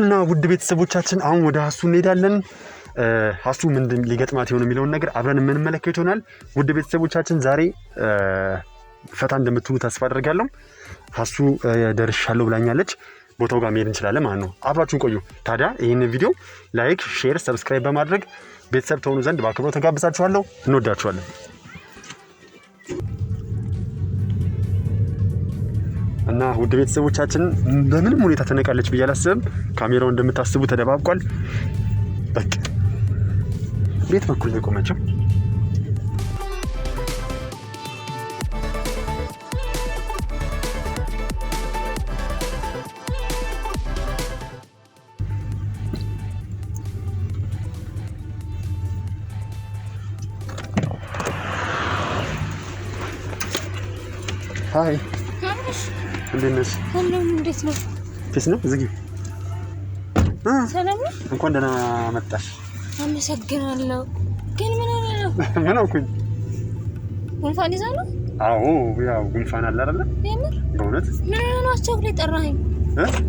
እና ውድ ቤተሰቦቻችን አሁን ወደ ሀሱ እንሄዳለን። ሀሱ ምንድን ሊገጥማት የሆነ የሚለውን ነገር አብረን የምንመለከት ይሆናል። ውድ ቤተሰቦቻችን ዛሬ ፈታ እንደምትሉ ተስፋ አደርጋለሁ። ሀሱ ደርሻለሁ ብላኛለች። ቦታው ጋር መሄድ እንችላለን ማለት ነው። አብራችሁን ቆዩ። ታዲያ ይህን ቪዲዮ ላይክ፣ ሼር፣ ሰብስክራይብ በማድረግ ቤተሰብ ተሆኑ ዘንድ በአክብሮ ተጋብዛችኋለሁ። እንወዳችኋለን። እና ውድ ቤተሰቦቻችን በምንም ሁኔታ ትነቃለች ብዬ አላስብም። ካሜራው እንደምታስቡ ተደባብቋል። በቃ ቤት በኩል ነው የቆመችው። ሀይ እንዴት ነሽ? ነው? ፊስ ነው ዝጊ። ሰላም ነው። እንኳን ደህና መጣሽ። አመሰግናለሁ። ግን ምን ሆነ ነው? ምን አልኩኝ? ጉንፋን ይዛ ነው? አዎ ያው ጉንፋን አለ አይደለ? የምር በእውነት ምን ሆነ ነው? አስቸኩለህ ጠራኸኝ?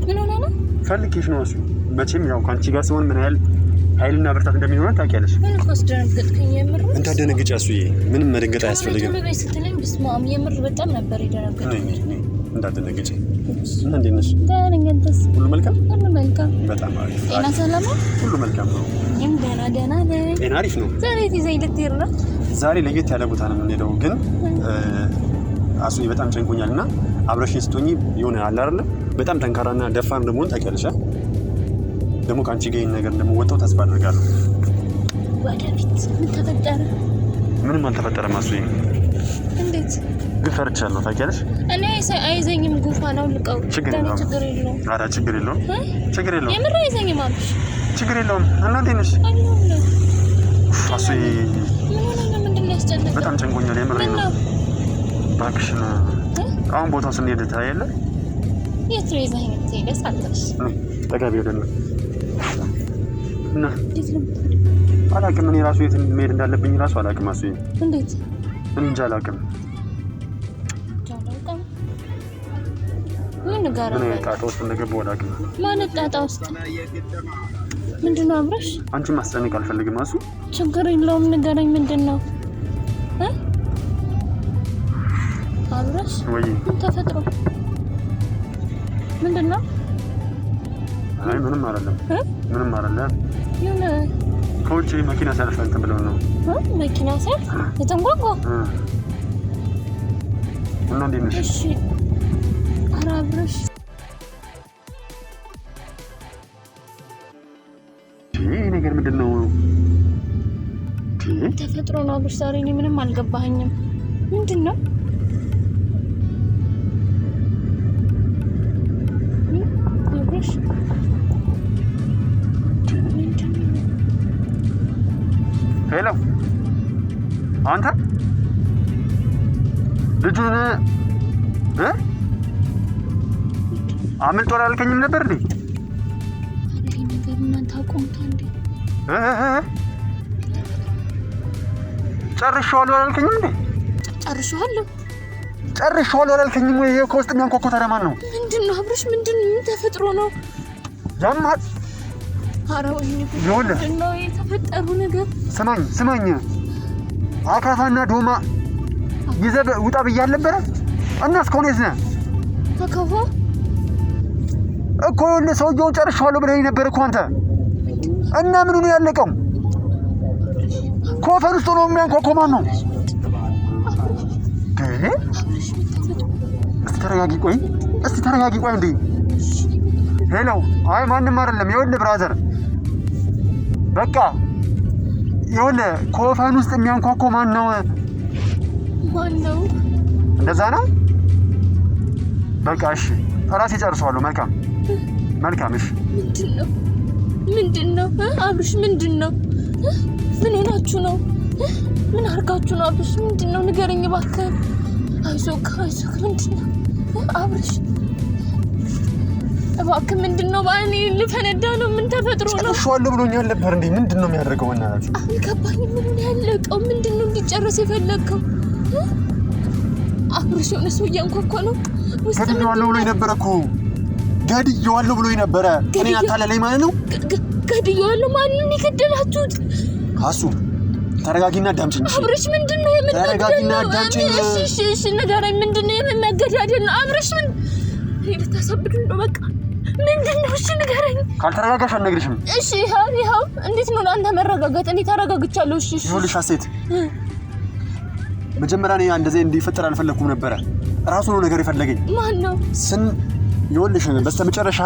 ምን ሆነ ነው? ፈልጌሽ ነው። እሱ መቼም ያው ከአንቺ ጋር ሲሆን ምን ያህል ኃይልና ብርታት እንደሚሆን ታውቂያለሽ። ምን እኮ አስደነገጥከኝ። የምር እንዳትደነግጪ አሱዬ፣ ምንም መደንገጥ አያስፈልግም። ስትለኝ ብስማም የምር በጣም ነበር የደነገጥኩት። እንዳትደነግጭ። እንዴት ነሽ? ሁሉ መልካም፣ ሁሉ መልካም፣ በጣም አሪፍ። ጤና ሰላም፣ ሁሉ መልካም ነው። ደህና ደህና ነኝ። ጤና አሪፍ ነው። ዛሬ ይዘኝ ልትሄድ ነው? ዛሬ ለየት ያለ ቦታ ነው የምንሄደው፣ ግን አሱኝ በጣም ጨንቆኛል እና አብረሽኝ ስትሆኚ የሆነ አለ አይደለ በጣም ጠንካራና ደፋር እንደመሆን ታውቂያለሽ። ደግሞ ከአንቺ ጋር ይሄን ነገር ደግሞ ወጣው ተስፋ አድርጋለሁ። ወደፊት ምን ተፈጠረ? ምንም አልተፈጠረም አሱኝ እንዴት ግን ፈርቻለሁ ታውቂያለሽ። እኔ አይዘኝም ጉንፋን ነው ልቀው ችግር የለውም ችግር የለውም ችግር የለውም የምር አይዘኝም አልኩሽ። ችግር የለውም እንዴት ነሽ? በጣም ጨንቆኛል የምር ነው። እባክሽን አሁን ቦታው ስንሄድ ታያለህ። የት ነው ይዘኸኝ የምትሄደው? ሳልተሽ ጠጋቢ ወደ እና አላውቅም እኔ እራሱ የት መሄድ እንዳለብኝ ራሱ አላውቅም። አሱ እንዴት እንጃ አላውቅም። ምን ጋር ምን ጣጣ ውስጥ እንደገባሁ አላውቅም። ማለት ጣጣ ውስጥ ምንድን ነው? አብረሽ አንቺን ማስጨነቅ አልፈልግም። እሱ ችግር የለውም። ንገረኝ፣ ምንድን ነው አብረሽ? ወይ ተፈጥሮ ምንድን ነው? አይ ምንም አይደለም፣ ምንም አይደለም። ከውጭ መኪና ሲያልፍ እንትን ብለው ነው መኪና ሰር የተንጓጓ እና እንዴት ነሽ? እሺ ኧረ አብረሽ ይህ ነገር ምንድን ነው? ተፈጥሮ ነው አብረሽ። ዛሬ እኔ ምንም አልገባኸኝም። ምንድን ነው አብረሽ? ሄሎ አንተ ልጁን አምልጦ አላልከኝም ነበር እንዴ? ጨርሼዋለሁ አላልከኝም እንዴ? ጨርሼዋለሁ ጨርሼዋለሁ አላልከኝም ወይ? ከውስጥ የሚያንኳኳ ታዲያ ነው? ምንድን ነው አብረሽ? ምንድን ምን ተፈጥሮ ነው ያማ? ኧረ ወይኔ! ይኸውልህ የተፈጠሩ ነገር ስማኝ፣ ስማኝ አካፋና ዶማ ይዘህ ውጣ ብዬ አልነበረ እና እስካሁን የት ነህ? አካፋ እኮ ይኸውልህ፣ ሰውዬውን ጨርሼዋለሁ ብለህ ነበር እኮ አንተ። እና ምኑ ነው ያለቀው? ኮፈን ውስጥ ነው የሚያንኳኳ ማን ነው? እስቲ ተረጋጊ፣ ቆይ እስቲ ተረጋጊ፣ ቆይ እንዴ! ሄሎ፣ አይ ማንም አይደለም። ይኸውልህ ብራዘር፣ በቃ ይኸውልህ ኮፈን ውስጥ የሚያንኳኮ ማን ነው? እንደዛ ነው። በቃ እሺ፣ እራሴ ጨርሰዋለሁ። መልካም መልካም። እሺ፣ ምንድን ነው አብርሽ? ምንድን ነው? ምን ሆናችሁ ነው? ምን አድርጋችሁ ነው? አብርሽ፣ ምንድን ነው? ንገረኝ እባክህ። አይዞህ አይዞህ። ምንድን ነው አብርሽ? እባክህ ምንድን ነው በእኔ ልፈነዳ ነው? ምን ተፈጥሮ ነው? ጨርሼዋለሁ ብሎኛል ነበር እንዴ? ምንድን ነው የሚያደርገው? እናያቸው አልገባኝ። ምን ያለቀው ምንድን ነው? እንዲጨረስ የፈለግከው አብርሽ የሆነ ሰው እያንኳኳ ነው። ገድዬዋለሁ ብሎኝ ነበረ እኮ ገድዬዋለሁ ብሎኝ ነበረ። እኔን አታለለኝ ማለት ነው። ገድዬዋለሁ። ማንን የገደላችሁት? ካሱ ተረጋጊና አዳምጪኝ። አብርሽ ምንድን ነው የምንገዳደል? ተረጋጊና አዳምጪኝ። እሺ እሺ፣ እሺ፣ ንገረኝ። ምንድን ነው አይደል አብርሽ ምን ይሄ ልታሳብድ ነው? በቃ ምንድን ነው? እሺ ንገረኝ። ካልተረጋጋሽ አልነግርሽም። እሺ ይኸው ይኸው። እንዴት ነው ለአንተ መረጋጋት? እኔ ተረጋግቻለሁ። እሺ እሺ። ይኸውልሽ ሀሴት፣ መጀመሪያ እኔ እንደዚህ እንዲፈጠር አልፈለኩም ነበረ። ራሱ ነው ነገር የፈለገኝ። ማን ነው ስን ይኸውልሽ፣ በስተመጨረሻ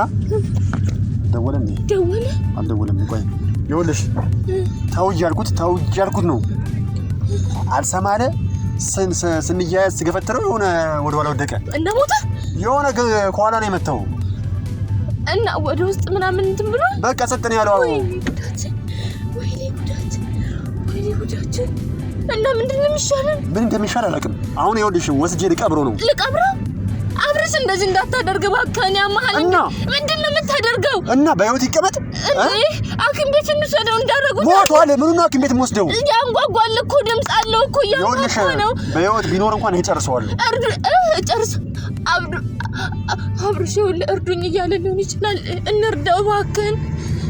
ደወለ እንዴ? ደወለ አልደወለም? ቆይ ይኸውልሽ፣ ተው እያልኩት ተው እያልኩት ነው አልሰማ አለ። ስንያያዝ ስገፈትረው የሆነ ወደኋላ ወደቀ። እንደሞተ የሆነ ከኋላ ነው የመታው እና ወደ ውስጥ ምናምን እንትን ብሎ በቃ ጸጥ ነው ያለው። እና ምንድን ነው የሚሻለን? ምን እንደሚሻል አላውቅም። አሁን ይኸውልሽ ወስጄ ልቀብረው ነው ልቀብረው። አብርሽ እንደዚህ እንዳታደርግ እባክህ። እኔ አማሃል ምንድን ነው የምታደርገው? እና በህይወት ይቀመጥ ሐኪም ቤት እንውሰደው እንዳደረጉት ሞቷል። ምኑን ሐኪም ቤት የምወስደው? እያንጓጓል እኮ ድምፅ አለው እኮ እያንጓጓ ነው። በሕይወት ቢኖር እንኳን ይጨርሰዋል። ጨርስ አብዱ አብርሽ፣ ይኸውልህ እርዱኝ እያለ ሊሆን ይችላል። እንርዳው እባክህን።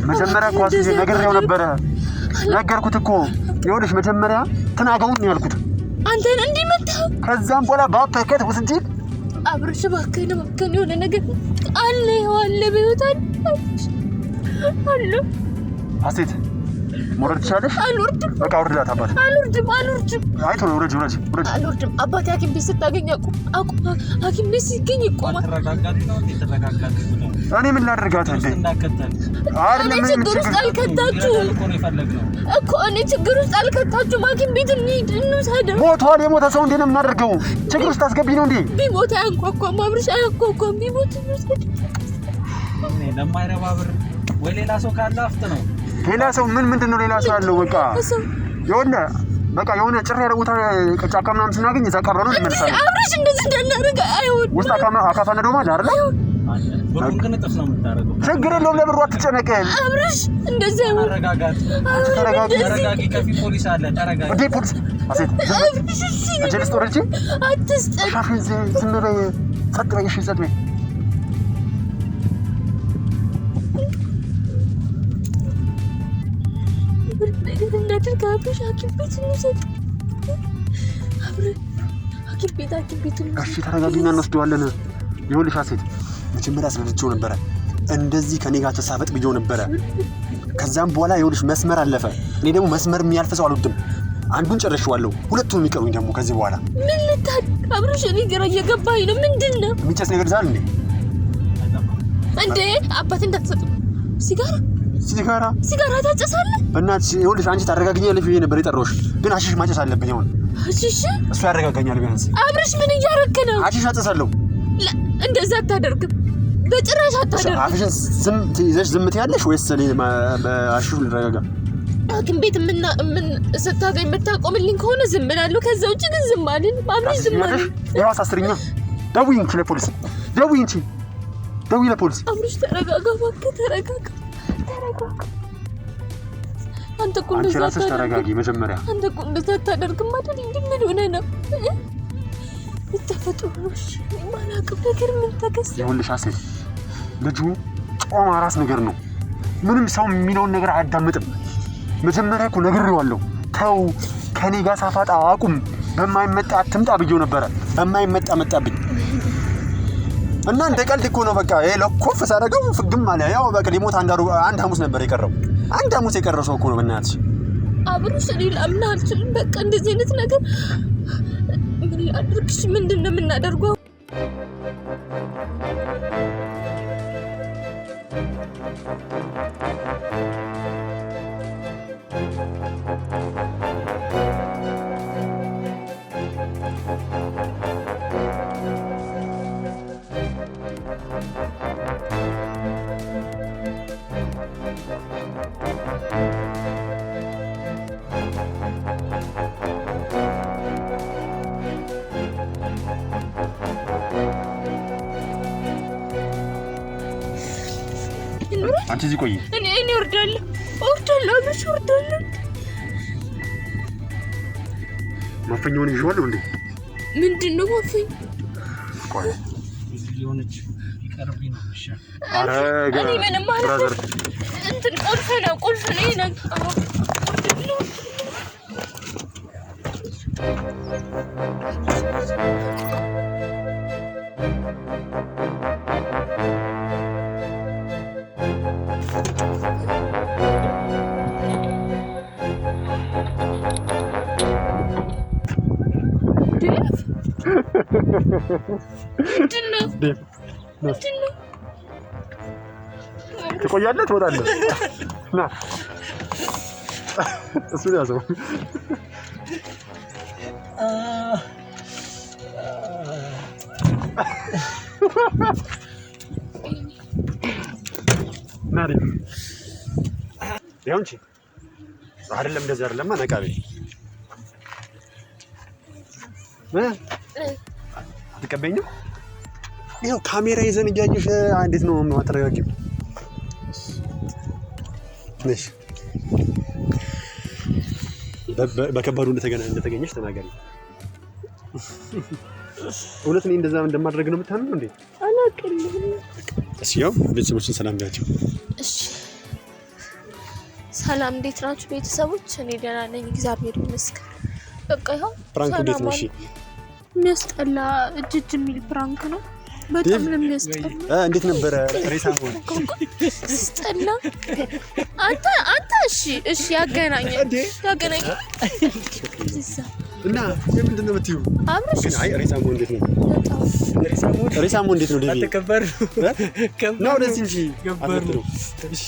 መጀመሪያ እኮ አስይዤ ነግሬው ነበረ። ነገርኩት እኮ ይኸውልሽ፣ መጀመሪያ ተናገሩን ያልኩት አንተን እንዲመጣው ከዛም በኋላ ባታከት ወስጂ አብርሽ፣ እባክህን እባክህን፣ የሆነ ነገር አለ አለ በሕይወት አለ አለ ሀሴት መውረድ ትችላለሽ? አልወርድም። በቃ አውርድላት አባት። አልወርድም፣ አልወርድም። አይ ቶሎ ውረጅ፣ ውረጅ፣ ውረጅ። አልወርድም አባቴ። ሐኪም ቤት ስታገኝ አቁም፣ አቁም። ሐኪም ቤት ሲገኝ ይቆማል። እኔ ምን ላደርጋት እንዴ? እኔ ችግር ውስጥ አልከታችሁም እኮ እኔ ችግር ውስጥ አልከታችሁም። ሐኪም ቤት እንሂድ፣ እንውሰደው። ሞቷል። የሞተ ሰው እንዴ ነው የምናደርገው? ችግር ውስጥ አስገቢ ነው እንዴ? ቢሞት አያንኳኳም፣ አብርሽ አያንኳኳም። ቢሞት እንውሰደው። ለማይረባ ብር ወይ ሌላ ሰው ካለ አፍት ነው ሌላ ሰው ምን ምንድን ነው ሌላ ሰው ያለው በቃ የሆነ በቃ የሆነ ጭር ያለ ቦታ ጫካ ምናምን ስናገኝ እዛ ቀረ ነው እንመልሳለን። አብረሽ እንደዚህ እንዳናደርግ አይወድ ውስጥ አካፋ አካፋ ማለት አይደል? ችግር የለውም ለብሩ አትጨነቅ። አብረሽ እንደዚህ አይወድ ፖሊስ አለ ተረጋጊ። ፖሊስ አሴት እሺ፣ አብረሽ ሐኪም ቤት እንውሰድ። አብረን ሐኪም ቤት ሐኪም ቤት እሺ፣ ተረጋግኛ እንወስደዋለን። ይኸውልሽ ሀሴት መጀመሪያ አስመልቼው ነበረ፣ እንደዚህ ከኔ ጋር ተሳፈጥ ብዬው ነበረ። ከዛም በኋላ ይኸውልሽ መስመር አለፈ። እኔ ደግሞ መስመር የሚያልፍ ሰው አልወድም። አንዱን ጨረሽዋለሁ፣ ሁለቱን የሚቀሩኝ ደግሞ ከዚህ በኋላ ምን እኔ ግራ እየገባኝ ነው። ምንድን ነው የሚጨስ ነገር ዛል እንዴ? እንዴ አባት ሲጋራ ሲጋራ ሲጋራ ታጨሳለህ? እናት ይኸውልሽ፣ አንቺ ታረጋግኛለሽ ብዬ ነበር የጠራሁሽ፣ ግን አሽሽ ማጨስ አለብኝ አሁን። አሽሽ እሱ ያረጋጋኛል ቢያንስ። አብርሽ፣ ምን እያረክ ነው? አሽሽ አጨሳለሁ። እንደዛ አታደርግም፣ በጭራሽ አታደርግም። አፍሽን ዝም ትይዘሽ ዝም ትያለሽ ወይስ እኔ አሽሽ ልረጋጋ? ሐኪም ቤት ምን ምን ስታገኝ የምታቆምልኝ ከሆነ ዝም እላለሁ። ከዛ ውጭ ግን ዝም አልል። አብርሽ፣ ዝም አልል። ይኸው አሳስርኛ። ደውዪ እንጂ ለፖሊስ፣ ደውዪ እንጂ፣ ደውዪ ለፖሊስ። አብርሽ፣ ተረጋጋ እባክህ፣ ተረጋጋ አንተ እኮ እንደዛ አንቺ ተረጋጊ መጀመሪያ። አንተ እኮ እንደዛ አታደርግም አይደል? እንዴ ምን ሆነ ነው ተፈጥሮሽ? የማላውቀው ነገር ምን ተከሰተ? ይኸውልሽ አሴት ልጁ ጮማ ራስ ነገር ነው። ምንም ሰው የሚለውን ነገር አያዳምጥም። መጀመሪያ እኮ ነግሬዋለሁ፣ ተው ከኔ ጋር ሳፋጣ አቁም፣ በማይመጣ አትምጣ ብዬው ነበረ። በማይመጣ መጣብኝ። እና እንደ ቀልድ እኮ ነው በቃ ይሄ ለኮፍ ሳደርገው ፍግም አለ። ያው በቃ ሊሞት አንድ አንድ ሐሙስ ነበር የቀረው። አንድ ሐሙስ የቀረው ሰው እኮ ነው በእናትሽ አብሩሽ። እኔ ላምን አልችልም። በቃ እንደዚህ አይነት ነገር ምን ላድርግሽ? ምንድን ነው የምናደርገው? አንቺ እዚህ ቆይ፣ እኔ እኔ እወርዳለሁ እወርዳለሁ አሉሽ እወርዳለሁ። ማፈኛውን ይዤዋለሁ እንዴ? ምንድን ነው ማፈኝ? ቆይ የሆነች ይቀርብኝ ነው ይሻል። ኧረ ምንም ማለት እንትን ቁልፍ ነው ቁልፍ ነው ይሄ ነው እወርዳለሁ ትቆያለህ፣ ትወጣለህ። ና እሱ ያዘው። ና ያው እንጂ አይደለም፣ እንደዚህ አይደለማ። ነቃቤ ልትቀበኝ ይኸው ካሜራ ይዘን እያየሽ እንዴት ነው የማትረጋጊው? እሺ በከባዱ እንደተገኘሽ ተናገሪ። እውነት እኔ እንደዛ እንደማድረግ ነው የምታምነው እንዴ? ያው ቤተሰቦችን ሰላም ያቸው። ሰላም እንዴት ናችሁ ቤተሰቦች? እኔ ደህና ነኝ፣ እግዚአብሔር ይመስገን። በቃ ይኸው ፕራንክ እንዴት ነው? እሺ የሚያስጠላ እጅ እጅ የሚል ፕራንክ ነው። በጣም ነው የሚያስጠላ። እንዴት ነበረ ሬሳ ሆነ ስጠላ። አንተ አንተ እሺ እሺ፣ ያገናኘ ያገናኘ እና የምንድን ነው የምትይው? አብረሽ ሬሳ እንዴት ነው ሬሳ እንዴት ነው? ከበር ነው ደስ እንጂ ከበር ነው። እሺ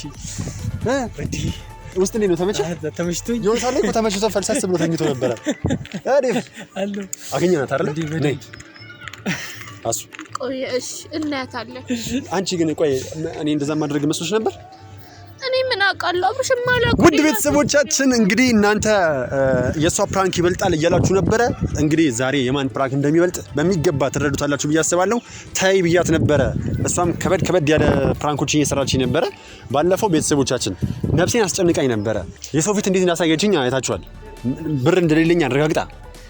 ውስጥ እንዴት ነው? ተመቸህ? ተመችቶኝ የሆነ ሰዓት እኮ ተመችቶ ፈልሳስ ብሎ ተኝቶ ነበረ። አሪፍ አገኘናት አይደለ? አሱ ቆይ፣ እሺ እናያታለን። አንቺ ግን ቆይ፣ እኔ እንደዛ ማድረግ መስሎች ነበር? እኔ ምን አውቃለሁ አብርሽ ማላውቀው። ውድ ቤተሰቦቻችን እንግዲህ እናንተ የእሷ ፕራንክ ይበልጣል እያላችሁ ነበረ። እንግዲህ ዛሬ የማን ፕራንክ እንደሚበልጥ በሚገባ ትረዱታላችሁ ብዬ አስባለሁ። ታይ ብያት ነበረ። እሷም ከበድ ከበድ ያለ ፕራንኮች እየሰራች ነበረ። ባለፈው ቤተሰቦቻችን ነፍሴን አስጨንቃኝ ነበረ። የሰው ፊት እንዴት እንዳሳየችኝ አይታችኋል። ብር እንደሌለኝ አረጋግጣ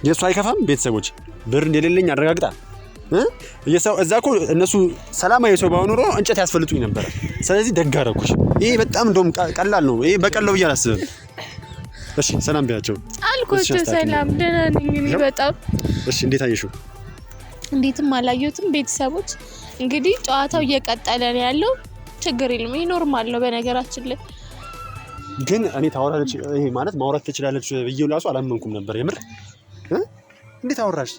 የእሷ አይከፋም ቤተሰቦች ብር እንደሌለኝ አረጋግጣ እየሰው እዛ እኮ እነሱ ሰላማዊ ሰው ባይሆን እንጨት ያስፈልጡኝ ነበረ። ስለዚህ ደግ አደረኩሽ። ይሄ በጣም እንደውም ቀላል ነው። ይሄ በቀለው ብዬ አላስብም። እሺ ሰላም ቢያቸው አልኳቸው። ሰላም ደህና ነኝ እኔ በጣም እሺ። እንዴት አየሽው? እንዴትም አላየሁትም። ቤተሰቦች እንግዲህ ጨዋታው እየቀጠለ ነው ያለው። ችግር የለም። ይሄ ኖርማል ነው። በነገራችን ላይ ግን እኔ ታወራለች ይሄ ማለት ማውራት ትችላለች ብዬ ላሱ አላመንኩም ነበር የምር። እንዴት አወራሽ?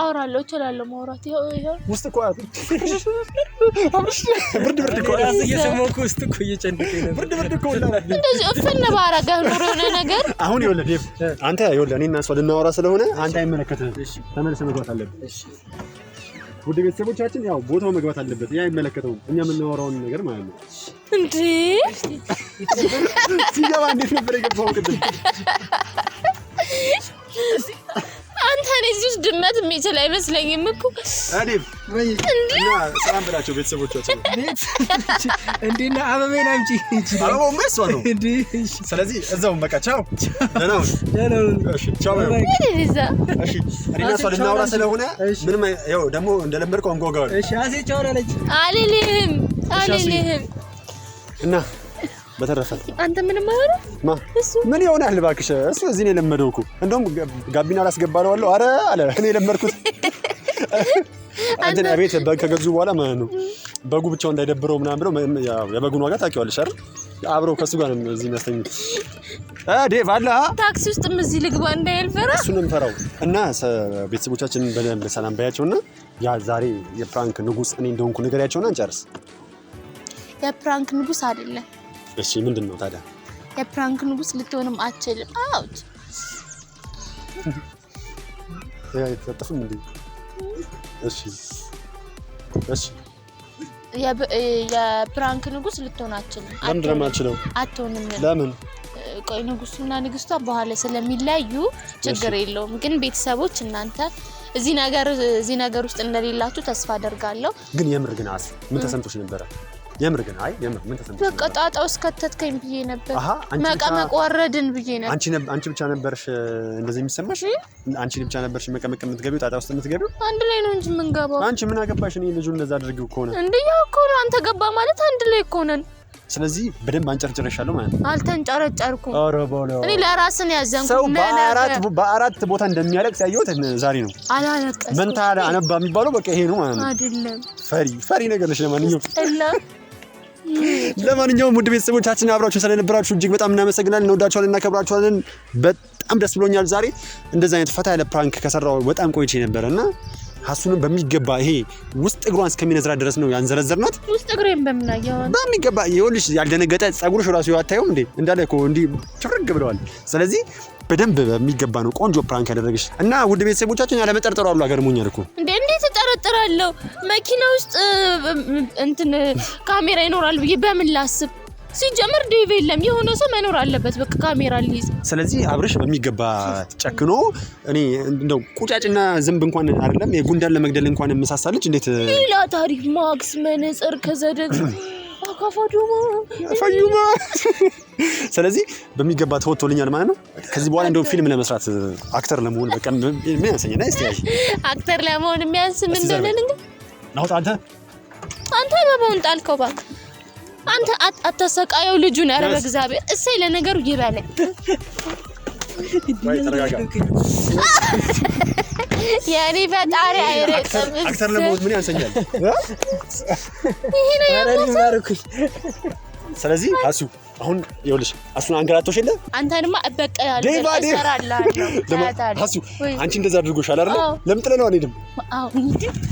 አወራለሁ እችላለሁ ማውራት። ውስጥ እኮ ብርድ ብርድ እኮ እየሰማሁ እኮ ውስጥ እኮ እየጨነቀኝ ነው። ብርድ ብርድ እኮ እንደዚህ እፍን ባረገህ ኑሮ የሆነ ነገር አሁን ይኸውልህ፣ ዴቭ አንተ ይኸውልህ፣ እኔ እና እሷ ልናወራ ስለሆነ አንተ አይመለከትህም። ተመልሰህ መግባት አለብህ። ውድ ቤተሰቦቻችን ያው ቦታው መግባት አለበት። ያ አይመለከተውም፣ እኛ የምናወራውን ነገር ማለት ነው። እንዴ ሲገባ እንዴት ነበር የገባው ቅድም አንተ ነህ እዚህ ውስጥ ድመት የሚችል አይመስለኝም እኮ። ሰላም ብላቸው ቤተሰቦቻቸው። እንዴና አበቤን አምጪ አበባው መሷ ነው። ስለዚህ እዛው በቃ ቻው። እኔና እሷ ልናወራ ስለሆነ ምንም ያው ደግሞ እንደለመድከው አንጓጓዋል። አልልህም አልልህም እና በተረፈ አንተ ምንም ምን ይሆናል እባክሽ፣ እሱ እዚህ ነው የለመደው እኮ። እንደውም ጋቢና አላስገባለዋለሁ አረ አለ እኔ የለመድኩት እንትን ቤት በግ ከገዙ በኋላ ማለት ነው። በጉ ብቻው እንዳይደብረው ምናምን ብለው የበጉን ዋጋ ታውቂዋለሽ አይደል? አብረው ከሱ ጋር ነው እዚህ የሚያስተኙት። ዴቭ አለ ታክሲ ውስጥም እዚህ ልግባ እንዳይልፈራ ፈራ፣ እሱን እንፈራው እና ቤተሰቦቻችን በደንብ ሰላም ባያቸውና ያ ዛሬ የፕራንክ ንጉስ እኔ እንደሆንኩ ንገሪያቸውና እንጨርስ። የፕራንክ ንጉስ አይደለም እሺ ምንድን ነው ታዲያ? የፕራንክ ንጉስ ልትሆንም አትችልም። አውት ያ የተጠፍም እንዴ? እሺ እሺ የፕራንክ ንጉስ ልትሆን አትችልም። ለምንድን ነው የማልችለው? አትሆንም። ለምን? ቆይ ንጉሱና ንግስቷ በኋላ ስለሚለያዩ ችግር የለውም። ግን ቤተሰቦች እናንተ እዚህ ነገር እዚህ ነገር ውስጥ እንደሌላችሁ ተስፋ አደርጋለሁ። ግን የምር ግን አስ ምን ተሰምቶሽ ነበረ? የምር ግን አይ የምር ምን ተሰምቶሽ? በቃ ጣጣ ውስጥ ከተትከኝ ብዬ ነበር። መቀመቅ ወረድን ብዬ ነበር። አንቺ አንቺ ብቻ ነበርሽ እንደዚህ የሚሰማሽ? አንቺ ብቻ ነበርሽ መቀመቅ የምትገቢው ጣጣ ውስጥ የምትገቢው? አንድ ላይ ነው እንጂ ምን የምንገባው። አንቺ ምን አገባሽ? እኔ ልጁ እንደዛ አድርጊው ከሆነ እንዴ ያው እኮ አንተ ገባ ማለት አንድ ላይ እኮ ነን። ስለዚህ በደንብ አንጨርጨረሻለሁ ማለት ነው። አልተንጨረጨርኩም። እኔ ለራስን ያዘንኩ ሰው በአራት ቦታ እንደሚያለቅስ ያየሁት ዛሬ ነው። አላለቀስኩም። መንታ አነባ የሚባለው በቃ ይሄ ነው ማለት ነው። አይደለም ፈሪ ፈሪ ነገር ነሽ። ለማንኛውም ለማንኛውም ውድ ቤተሰቦቻችን አብራችሁ ስለነበራችሁ እጅግ በጣም እናመሰግናለን። እንወዳችኋለን፣ እናከብራችኋለን። በጣም ደስ ብሎኛል። ዛሬ እንደዚህ አይነት ፈታ ያለ ፕራንክ ከሰራው በጣም ቆይቼ ነበረ እና ሀሱንም በሚገባ ይሄ ውስጥ እግሯን እስከሚነዝራ ድረስ ነው ያንዘረዘርናት። ውስጥ እግሬን በምናየው በሚገባ ይኸውልሽ፣ ያልደነገጠ ጸጉርሽ ራሱ አታየው እንዴ? እንዳለ እኮ እንዲህ ችፍርግ ብለዋል። ስለዚህ በደንብ በሚገባ ነው ቆንጆ ፕራንክ ያደረግሽ እና ውድ ቤተሰቦቻችን ያለመጠርጠሩ አሉ አገርሞኛል እኮ እንዴ! እንዴት እጠረጥራለሁ? መኪና ውስጥ እንትን ካሜራ ይኖራል ብዬ በምን ላስብ? ሲጀምር ዴቭ የለም። የሆነ ሰው መኖር አለበት። በቃ ካሜራ ሊይዝ። ስለዚህ አብርሽ በሚገባ ጨክኖ እኔ እንደው ቁጫጭና ዝንብ እንኳን አይደለም የጉንዳን ለመግደል እንኳን የምሳሳለች እንዴት ሌላ ታሪክ ማክስ መነጽር ከዘደግ ፈዩማ። ስለዚህ በሚገባ ተወጥቶልኛል ማለት ነው። ከዚህ በኋላ እንደውም ፊልም ለመስራት አክተር ለመሆን በቃ ምን ያንሰኛል? እስቲ አክተር ለመሆን የሚያንስ ምን እንግ ናውጣ። አንተ አንተ በመሆን ጣልከው ባ አንተ አታሰቃየው ልጁን። ኧረ በእግዚአብሔር እሰይ። ለነገሩ ይበለ የእኔ ፈጣሪ አይረቅም። አክተር ለመሆን ምን ያንሰኛል? ይሄ ነው ስለዚህ አሱ አሁን ይኸውልሽ አሱን አንገላቶሽ የለ አንተ ድማ እበቀላለሁ፣ አሱ አንቺ እንደዛ አድርጎሻል አይደል? ለምን ጥለነው አንሄድም? አዎ እንዴ